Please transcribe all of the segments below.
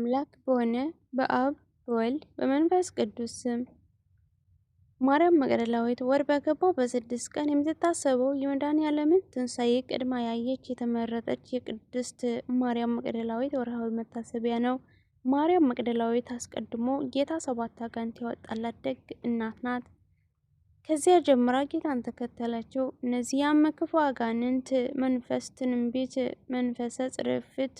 አምላክ በሆነ በአብ በወልድ በመንፈስ ቅዱስ ስም ማርያም መቅደላዊት ወር በገባው በስድስት ቀን የምትታሰበው የመድኃኔዓለምን ትንሣኤ ቅድማ ያየች የተመረጠች የቅድስት ማርያም መቅደላዊት ወርሃዊ መታሰቢያ ነው። ማርያም መቅደላዊት አስቀድሞ ጌታ ሰባት አጋንንት ያወጣላት ደግ እናት ናት። ከዚያ ጀምራ ጌታን ተከተለችው። እነዚያም ክፉ አጋንንት መንፈስ ትንቢት፣ መንፈሰ ጽርፍት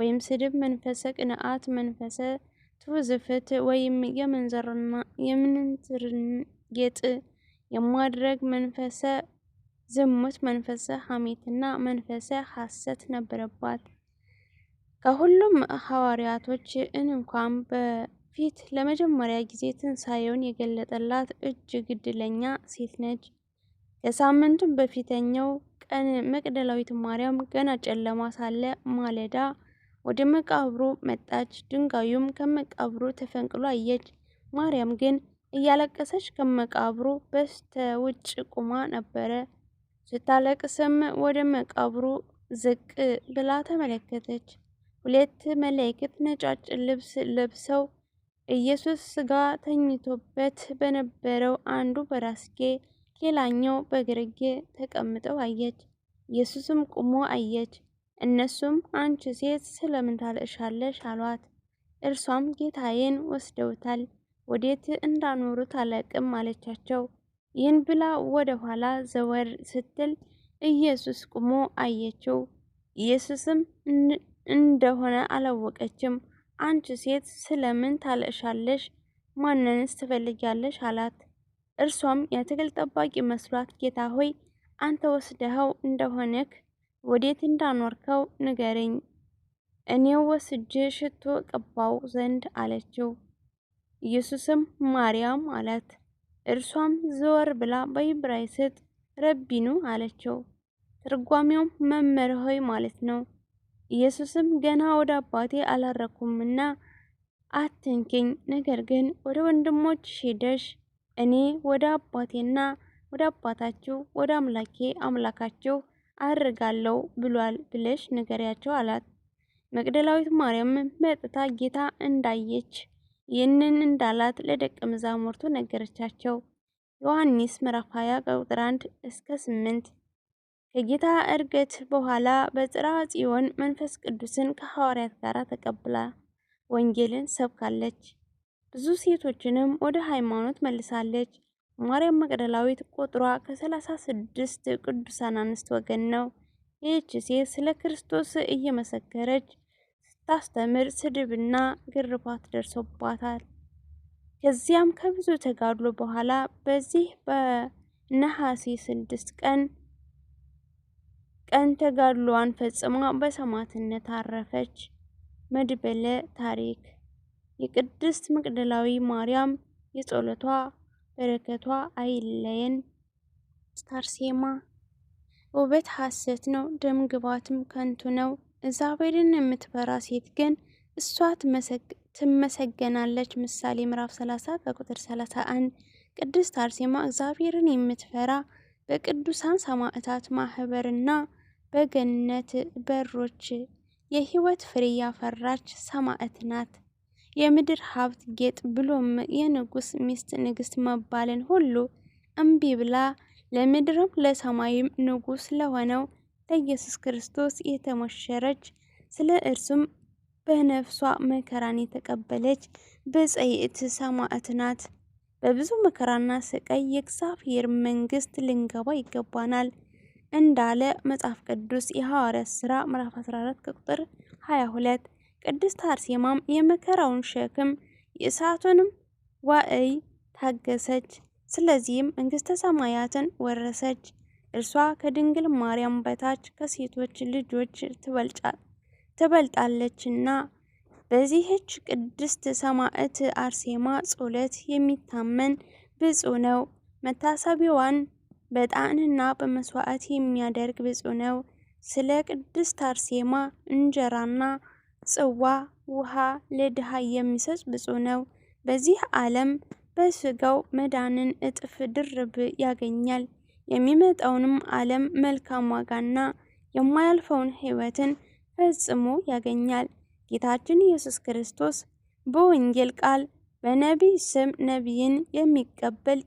ወይም ስድብ መንፈሰ ቅንዓት መንፈሰ ትውዝፍት ወይም ጌጥ የማድረግ መንፈሰ ዝሙት መንፈሰ ሐሜትና መንፈሰ ሐሰት ነበረባት። ከሁሉም ሐዋርያቶች እንኳን በፊት ለመጀመሪያ ጊዜ ትንሣኤውን የገለጠላት እጅግ ግድለኛ ሴት ነች። ከሳምንቱም በፊተኛው ቀን መቅደላዊት ማርያም ገና ጨለማ ሳለ ማለዳ ወደ መቃብሩ መጣች። ድንጋዩም ከመቃብሩ ተፈንቅሎ አየች። ማርያም ግን እያለቀሰች ከመቃብሩ በስተ ውጭ ቆማ ነበረ። ስታለቅስም ወደ መቃብሩ ዝቅ ብላ ተመለከተች። ሁለት መላእክት ነጫጭ ልብስ ለብሰው ኢየሱስ ሥጋ ተኝቶበት በነበረው አንዱ በራስጌ ሌላኛው በግርጌ ተቀምጠው አየች። ኢየሱስም ቆሞ አየች። እነሱም አንቺ ሴት ስለምን ታለቅሻለሽ አሏት። እርሷም ጌታዬን ወስደውታል፣ ወዴት እንዳኖሩት አላቅም አለቻቸው። ይህን ብላ ወደ ኋላ ዘወር ስትል ኢየሱስ ቁሞ አየችው። ኢየሱስም እንደሆነ አላወቀችም። አንቺ ሴት ስለምን ታለቅሻለሽ? ማንንስ ትፈልጊያለሽ? አላት። እርሷም የአትክልት ጠባቂ መስሏት ጌታ ሆይ አንተ ወስደኸው እንደሆነክ ወዴት እንዳኖርከው ንገረኝ፣ እኔው ወስጄ ሽቶ ቀባው ዘንድ አለችው። ኢየሱስም ማርያም አላት። እርሷም ዘወር ብላ በዕብራይስጥ ረቢኑ አለችው። ትርጓሜውም መምህር ሆይ ማለት ነው። ኢየሱስም ገና ወደ አባቴ አላረኩምና አትንኪኝ፣ ነገር ግን ወደ ወንድሞች ሄደሽ እኔ ወደ አባቴና ወደ አባታችሁ ወደ አምላኬ አምላካችሁ አድርጋለሁ ብሏል ብለሽ ንገሪያቸው አላት። መቅደላዊት ማርያም መጥታ ጌታ እንዳየች ይህንን እንዳላት ለደቀ መዛሙርቱ ነገረቻቸው። ዮሐንስ ምዕራፍ 20 ቁጥር 1 እስከ 8 ከጌታ እርገት በኋላ በጽርሐ ጽዮን መንፈስ ቅዱስን ከሐዋርያት ጋር ተቀብላ ወንጌልን ሰብካለች። ብዙ ሴቶችንም ወደ ሃይማኖት መልሳለች። ማርያም መቅደላዊት ቁጥሯ ከሰላሳ ስድስት ቅዱሳን አንስት ወገን ነው። ይህች ሴት ስለ ክርስቶስ እየመሰከረች ስታስተምር ስድብና ግርፋት ደርሶባታል። ከዚያም ከብዙ ተጋድሎ በኋላ በዚህ በነሐሴ ስድስት ቀን ቀን ተጋድሎዋን ፈጽማ በሰማዕትነት አረፈች። መድበለ ታሪክ የቅድስት መቅደላዊ ማርያም የጸሎቷ በረከቷ አይለየን። ስታርሴማ ውበት ሐሰት ነው፣ ደም ግባትም ከንቱ ነው። እግዚአብሔርን የምትፈራ ሴት ግን እሷ ትመሰገናለች። ምሳሌ ምዕራፍ 30 ከቁጥር 31። ቅድስት አርሴማ እግዚአብሔርን የምትፈራ በቅዱሳን ሰማዕታት ማህበርና በገነት በሮች የህይወት ፍሬ ያፈራች ሰማዕት ናት። የምድር ሀብት ጌጥ ብሎም የንጉስ ሚስት ንግስት መባልን ሁሉ እምቢ ብላ ለምድርም ለሰማይም ንጉስ ለሆነው ለኢየሱስ ክርስቶስ የተሞሸረች ስለ እርሱም በነፍሷ መከራን የተቀበለች በጸይት ሰማዕት ናት። በብዙ መከራና ስቃይ የእግዚአብሔር መንግስት ልንገባ ይገባናል እንዳለ መጽሐፍ ቅዱስ የሐዋርያት ሥራ ምዕራፍ 14 ቁጥር 22 ቅድስት አርሴማም የመከራውን ሸክም የእሳቱንም ዋእይ ታገሰች። ስለዚህም መንግስተ ሰማያትን ወረሰች። እርሷ ከድንግል ማርያም በታች ከሴቶች ልጆች ትበልጣለችና። በዚህች ቅድስት ሰማዕት አርሴማ ጸሎት የሚታመን ብፁዕ ነው። መታሰቢያዋን በጣንና በመስዋዕት የሚያደርግ ብፁዕ ነው። ስለ ቅድስት አርሴማ እንጀራና ጽዋ ውሃ ለድሃ የሚሰጥ ብፁዕ ነው። በዚህ ዓለም በስጋው መዳንን እጥፍ ድርብ ያገኛል። የሚመጣውንም ዓለም መልካም ዋጋና የማያልፈውን ሕይወትን ፈጽሞ ያገኛል። ጌታችን ኢየሱስ ክርስቶስ በወንጌል ቃል በነቢይ ስም ነቢይን የሚቀበል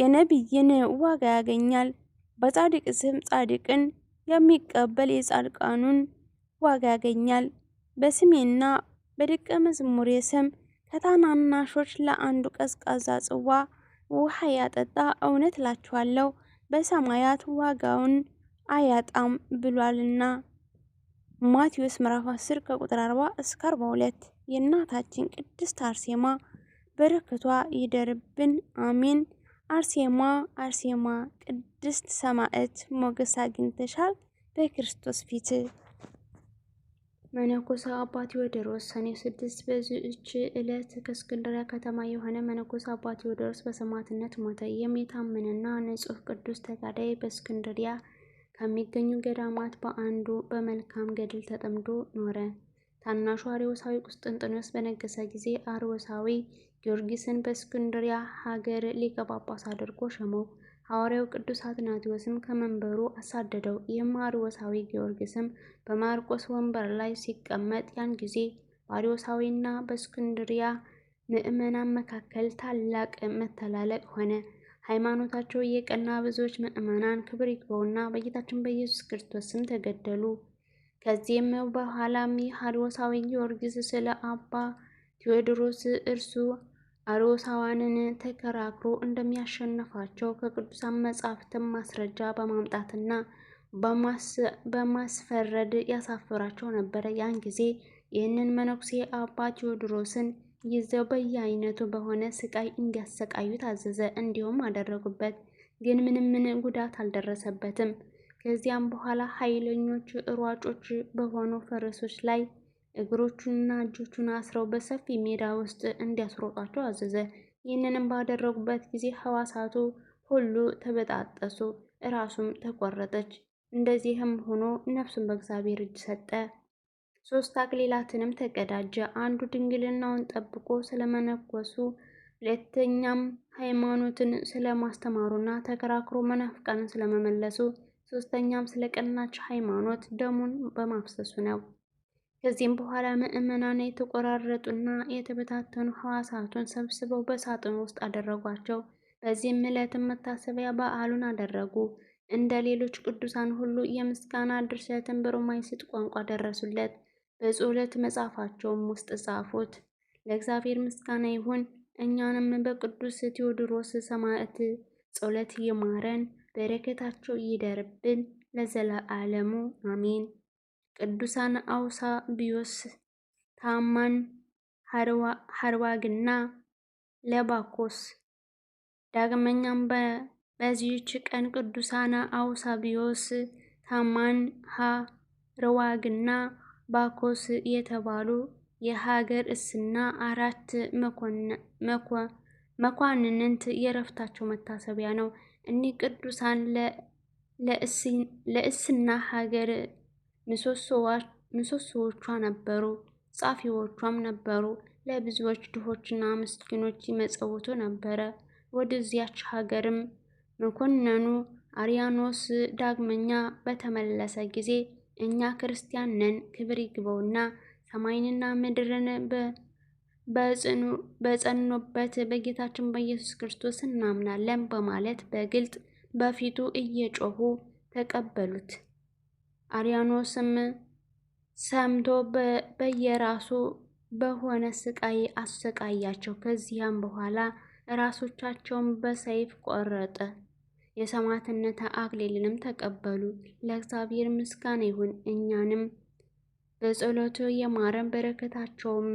የነቢይን ዋጋ ያገኛል፣ በጻድቅ ስም ጻድቅን የሚቀበል የጻድቃኑን ዋጋ ያገኛል። በስሜና በደቀ መዝሙሬ ስም ከታናናሾች ለአንዱ ቀዝቃዛ ጽዋ ውሃ ያጠጣ፣ እውነት እላችኋለሁ በሰማያት ዋጋውን አያጣም ብሏልና። ማቴዎስ ምዕራፍ 10 ከቁጥር 40 እስከ 42። የእናታችን ቅድስት አርሴማ በረከቷ ይደርብን፣ አሜን። አርሴማ አርሴማ፣ ቅድስት ሰማዕት ሞገስ አግኝተሻል በክርስቶስ ፊት መነኮሰ አባ ቴዎድሮስ ሰኔ ስድስት በዚች ዕለት ከእስክንድሪያ ከተማ የሆነ መነኮሰ አባ ቴዎድሮስ በሰማዕትነት ሞተ። የሚታምንና ንጹሕ ቅዱስ ተጋዳይ በእስክንድሪያ ከሚገኙ ገዳማት በአንዱ በመልካም ገድል ተጠምዶ ኖረ። ታናሹ አርዮሳዊ ቁስጥንጥኖስ በነገሰ ጊዜ አርዮሳዊ ጊዮርጊስን በእስክንድሪያ ሀገር ሊቀ ጳጳስ አድርጎ ሾመው። ሐዋርያው ቅዱስ አትናቴዎስም ከመንበሩ አሳደደው። የማርዮሳዊ ጊዮርጊስም በማርቆስ ወንበር ላይ ሲቀመጥ ያን ጊዜ በአርዮሳዊና በእስክንድሪያ ምዕመናን መካከል ታላቅ መተላለቅ ሆነ። ሃይማኖታቸው የቀና ብዙዎች ምዕመናን ክብር ይግባውና በጌታችን በኢየሱስ ክርስቶስ ስም ተገደሉ። ከዚህም በኋላም የአርዮሳዊ ጊዮርጊስ ስለ አባ ቴዎድሮስ እርሱ አሮሳዋንን ተከራክሮ እንደሚያሸንፋቸው ከቅዱሳን መጻሕፍትም ማስረጃ በማምጣትና በማስፈረድ ያሳፍራቸው ነበረ። ያን ጊዜ ይህንን መነኩሴ አባ ቴዎድሮስን ይዘው በየአይነቱ በሆነ ስቃይ እንዲያሰቃዩ ታዘዘ። እንዲሁም አደረጉበት፣ ግን ምንም ምን ጉዳት አልደረሰበትም። ከዚያም በኋላ ኃይለኞች ሯጮች በሆኑ ፈረሶች ላይ እግሮቹንና እጆቹን አስረው በሰፊ ሜዳ ውስጥ እንዲያስሮጧቸው አዘዘ። ይህንንም ባደረጉበት ጊዜ ሕዋሳቱ ሁሉ ተበጣጠሱ፣ እራሱም ተቆረጠች። እንደዚህም ሆኖ ነፍሱን በእግዚአብሔር እጅ ሰጠ። ሶስት አክሊላትንም ተቀዳጀ። አንዱ ድንግልናውን ጠብቆ ስለመነኮሱ፣ ሁለተኛም ሃይማኖትን ስለማስተማሩና ተከራክሮ መናፍቃንን ስለመመለሱ፣ ሶስተኛም ስለ ቀናች ሃይማኖት ደሙን በማፍሰሱ ነው። ከዚህም በኋላ ምእመናን የተቆራረጡና የተበታተኑ ህዋሳቱን ሰብስበው በሳጥን ውስጥ አደረጓቸው። በዚህም ዕለትም መታሰቢያ በዓሉን አደረጉ። እንደ ሌሎች ቅዱሳን ሁሉ የምስጋና ድርሰትን በሮማይስጥ ቋንቋ ደረሱለት። በጸሎት መጽሐፋቸውም ውስጥ ጻፉት። ለእግዚአብሔር ምስጋና ይሁን፣ እኛንም በቅዱስ ቴዎድሮስ ሰማዕት ጸሎት ይማረን፣ በረከታቸው ይደርብን ለዘላለሙ አሜን። ቅዱሳን ቢዮስ፣ ታማን፣ ሀርዋግና ለባኮስ። ዳግመኛም በዚህች ቀን ቅዱሳን ቢዮስ ታማን፣ ሀርዋግና ባኮስ የተባሉ የሀገር እስና አራት መኳንንት የረፍታቸው መታሰቢያ ነው። እኒህ ቅዱሳን ለእስና ሀገር ምሰሶዎቿ ነበሩ፣ ጻፊዎቿም ነበሩ። ለብዙዎች ድሆችና ምስኪኖች ይመጸውቱ ነበረ። ወደዚያች ሀገርም መኮንኑ አርያኖስ ዳግመኛ በተመለሰ ጊዜ እኛ ክርስቲያን ነን፣ ክብር ይግበውና ሰማይንና ምድርን በጸኖበት በጌታችን በኢየሱስ ክርስቶስ እናምናለን በማለት በግልጥ በፊቱ እየጮሁ ተቀበሉት። አሪያኖስም ሰምቶ በየራሱ በሆነ ስቃይ አሰቃያቸው። ከዚያም በኋላ ራሶቻቸውን በሰይፍ ቆረጠ። የሰማዕትነት አክሊልንም ተቀበሉ። ለእግዚአብሔር ምስጋና ይሁን፣ እኛንም በጸሎቱ የማረን፣ በረከታቸውም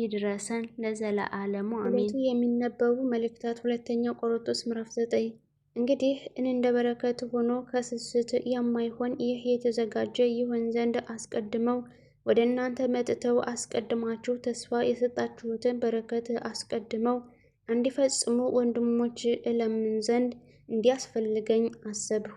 ይድረሰን ለዘለዓለሙ አሜን። የሚነበቡ መልእክታት ሁለተኛው ቆሮንቶስ ምዕራፍ ዘጠኝ እንግዲህ እንደ በረከት ሆኖ ከስስት የማይሆን ይህ የተዘጋጀ ይሆን ዘንድ አስቀድመው ወደ እናንተ መጥተው አስቀድማችሁ ተስፋ የሰጣችሁትን በረከት አስቀድመው እንዲፈጽሙ ወንድሞች እለምን ዘንድ እንዲያስፈልገኝ አሰብሁ።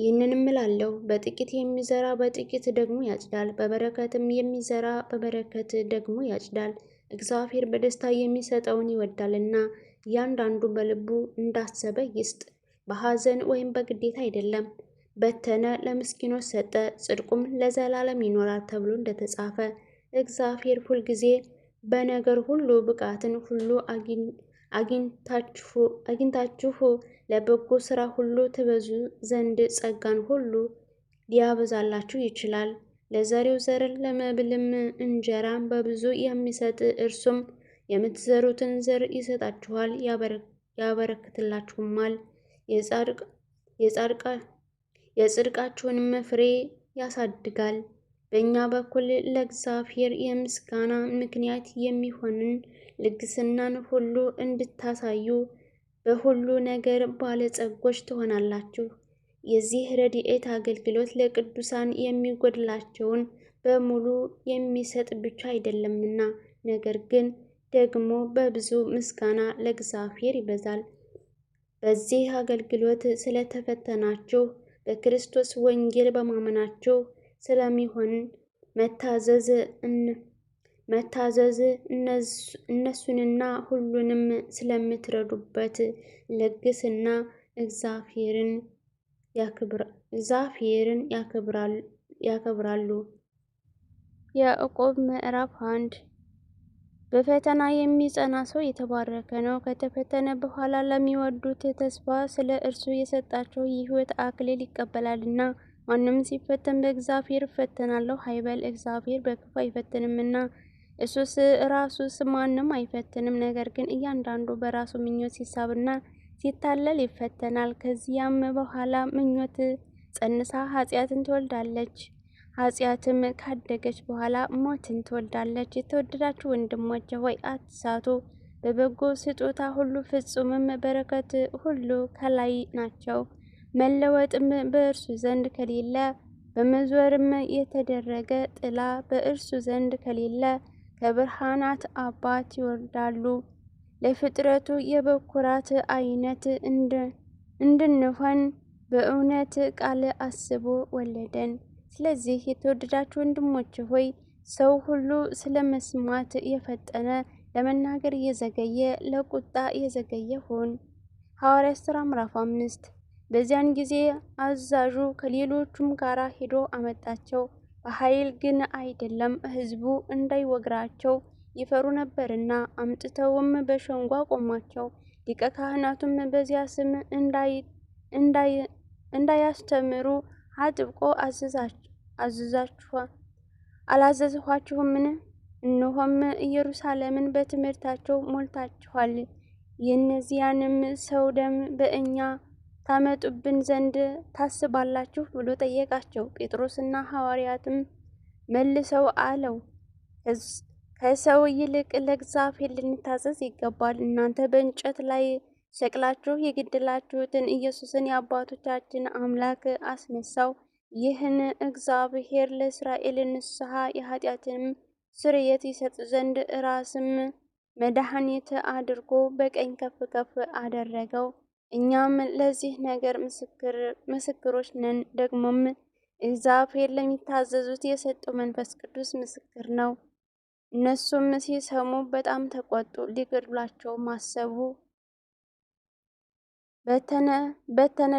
ይህንንም ምላለሁ በጥቂት የሚዘራ በጥቂት ደግሞ ያጭዳል፣ በበረከትም የሚዘራ በበረከት ደግሞ ያጭዳል። እግዚአብሔር በደስታ የሚሰጠውን ይወዳልና። እያንዳንዱ በልቡ እንዳሰበ ይስጥ። በሐዘን ወይም በግዴታ አይደለም። በተነ ለምስኪኖች ሰጠ፣ ጽድቁም ለዘላለም ይኖራል ተብሎ እንደተጻፈ እግዚአብሔር ሁልጊዜ በነገር ሁሉ ብቃትን ሁሉ አግኝታችሁ ለበጎ ሥራ ሁሉ ትበዙ ዘንድ ጸጋን ሁሉ ሊያበዛላችሁ ይችላል። ለዘሬው ዘርን ለመብልም እንጀራን በብዙ የሚሰጥ እርሱም የምትዘሩትን ዘር ይሰጣችኋል፣ ያበረክትላችሁማል። የጽድቃችሁንም ፍሬ ያሳድጋል። በእኛ በኩል ለእግዚአብሔር የምስጋና ምክንያት የሚሆንን ልግስናን ሁሉ እንድታሳዩ በሁሉ ነገር ባለጸጎች ትሆናላችሁ። የዚህ ረድኤት አገልግሎት ለቅዱሳን የሚጎድላቸውን በሙሉ የሚሰጥ ብቻ አይደለምና ነገር ግን ደግሞ በብዙ ምስጋና ለእግዚአብሔር ይበዛል። በዚህ አገልግሎት ስለተፈተናችሁ በክርስቶስ ወንጌል በማመናችሁ ስለሚሆን መታዘዝ መታዘዝ እነሱንና ሁሉንም ስለምትረዱበት ልግስና እግዚአብሔርን እግዚአብሔርን ያከብራሉ። ያዕቆብ ምዕራፍ አንድ በፈተና የሚጸና ሰው የተባረከ ነው። ከተፈተነ በኋላ ለሚወዱት ተስፋ ስለ እርሱ የሰጣቸው የሕይወት አክሊል ይቀበላልና። ማንም ሲፈተን በእግዚአብሔር እፈተናለሁ አይበል፣ እግዚአብሔር በክፉ አይፈትንምና፣ እሱስ ራሱስ ማንም አይፈትንም። ነገር ግን እያንዳንዱ በራሱ ምኞት ሲሳብና ሲታለል ይፈተናል። ከዚያም በኋላ ምኞት ጸንሳ ኃጢአትን ትወልዳለች። አጽያትም ካደገች በኋላ ሞትን ትወልዳለች። የተወደዳችሁ ወንድሞች ሆይ አትሳቱ፣ በበጎ ስጦታ ሁሉ ፍጹምም በረከት ሁሉ ከላይ ናቸው፣ መለወጥም በእርሱ ዘንድ ከሌለ፣ በመዞርም የተደረገ ጥላ በእርሱ ዘንድ ከሌለ፣ ከብርሃናት አባት ይወርዳሉ። ለፍጥረቱ የበኩራት አይነት እንድንሆን በእውነት ቃል አስቦ ወለደን። ስለዚህ የተወደዳችሁ ወንድሞች ሆይ ሰው ሁሉ ስለ መስማት የፈጠነ ለመናገር እየዘገየ ለቁጣ እየዘገየ ሁን። ሐዋርያት ሥራ ምዕራፍ አምስት በዚያን ጊዜ አዛዡ ከሌሎቹም ጋር ሄዶ አመጣቸው። በኃይል ግን አይደለም፣ ሕዝቡ እንዳይወግራቸው ይፈሩ ነበርና። አምጥተውም በሸንጎ አቆሟቸው። ሊቀ ካህናቱም በዚያ ስም እንዳያስተምሩ አጥብቆ አዘዛችኋል። አላዘዝኋችሁምን? እነሆም ኢየሩሳሌምን በትምህርታቸው ሞልታችኋል። የእነዚያንም ሰው ደም በእኛ ታመጡብን ዘንድ ታስባላችሁ ብሎ ጠየቃቸው። ጴጥሮስና ሐዋርያትም መልሰው አለው፣ ከሰው ይልቅ ለእግዚአብሔር ልንታዘዝ ይገባል። እናንተ በእንጨት ላይ ሰቅላችሁ የገደላችሁትን ኢየሱስን የአባቶቻችን አምላክ አስነሳው። ይህን እግዚአብሔር ለእስራኤል ንስሐ የኃጢአትንም ስርየት ይሰጥ ዘንድ ራስም መድኃኒት አድርጎ በቀኝ ከፍ ከፍ አደረገው። እኛም ለዚህ ነገር ምስክሮች ነን። ደግሞም እግዚአብሔር ለሚታዘዙት የሰጠው መንፈስ ቅዱስ ምስክር ነው። እነሱም ሲሰሙ በጣም ተቆጡ፣ ሊገድላቸው ማሰቡ። በተነ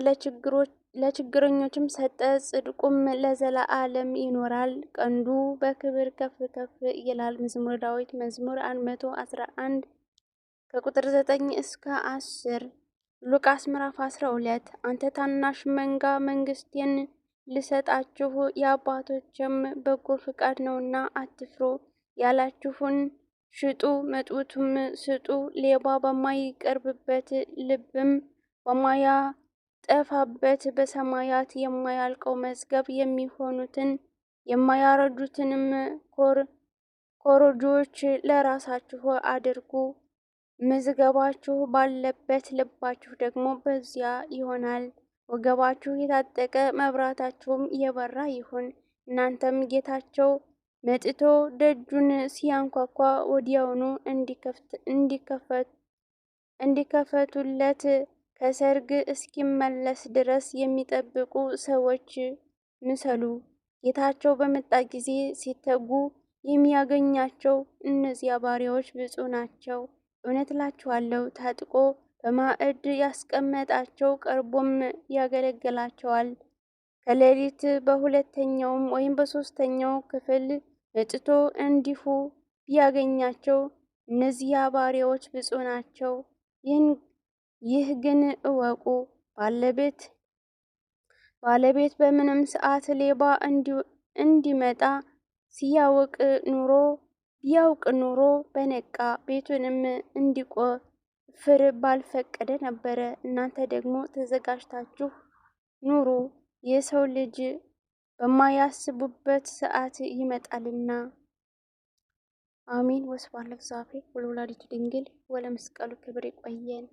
ለችግረኞችም ሰጠ፣ ጽድቁም ለዘለዓለም ይኖራል። ቀንዱ በክብር ከፍ ከፍ ይላል። መዝሙረ ዳዊት መዝሙር 111 ከቁጥር 9 እስከ 10 ሉቃስ ምዕራፍ 12 አንተ ታናሽ መንጋ መንግስቴን ልሰጣችሁ የአባቶችም በጎ ፍቃድ ነውና አትፍሩ። ያላችሁን ሽጡ፣ መጡቱም ስጡ፣ ሌባ በማይቀርብበት ልብም በማያጠፋበት በሰማያት የማያልቀው መዝገብ የሚሆኑትን የማያረጁትንም ኮረጆዎች ለራሳችሁ አድርጉ። መዝገባችሁ ባለበት ልባችሁ ደግሞ በዚያ ይሆናል። ወገባችሁ የታጠቀ መብራታችሁም የበራ ይሁን። እናንተም ጌታቸው መጥቶ ደጁን ሲያንኳኳ ወዲያውኑ እንዲከፈቱለት ከሰርግ እስኪመለስ ድረስ የሚጠብቁ ሰዎች ምሰሉ። ጌታቸው በመጣ ጊዜ ሲተጉ የሚያገኛቸው እነዚያ ባሪያዎች ብፁ ናቸው። እውነት እላችኋለሁ፣ ታጥቆ በማዕድ ያስቀመጣቸው ቀርቦም ያገለግላቸዋል። ከሌሊት በሁለተኛውም ወይም በሦስተኛው ክፍል መጥቶ እንዲሁ ቢያገኛቸው እነዚያ ባሪያዎች ብፁ ናቸው። ይህን ይህ ግን እወቁ ባለቤት ባለቤት በምንም ሰዓት ሌባ እንዲመጣ ሲያውቅ ኑሮ ቢያውቅ ኑሮ በነቃ ቤቱንም እንዲቆፍር ባልፈቀደ ነበረ። እናንተ ደግሞ ተዘጋጅታችሁ ኑሩ፣ የሰው ልጅ በማያስቡበት ሰዓት ይመጣልና። አሚን ወስብሐት ለእግዚአብሔር ወለወላዲቱ ድንግል ወለመስቀሉ ክብር። ይቆየን።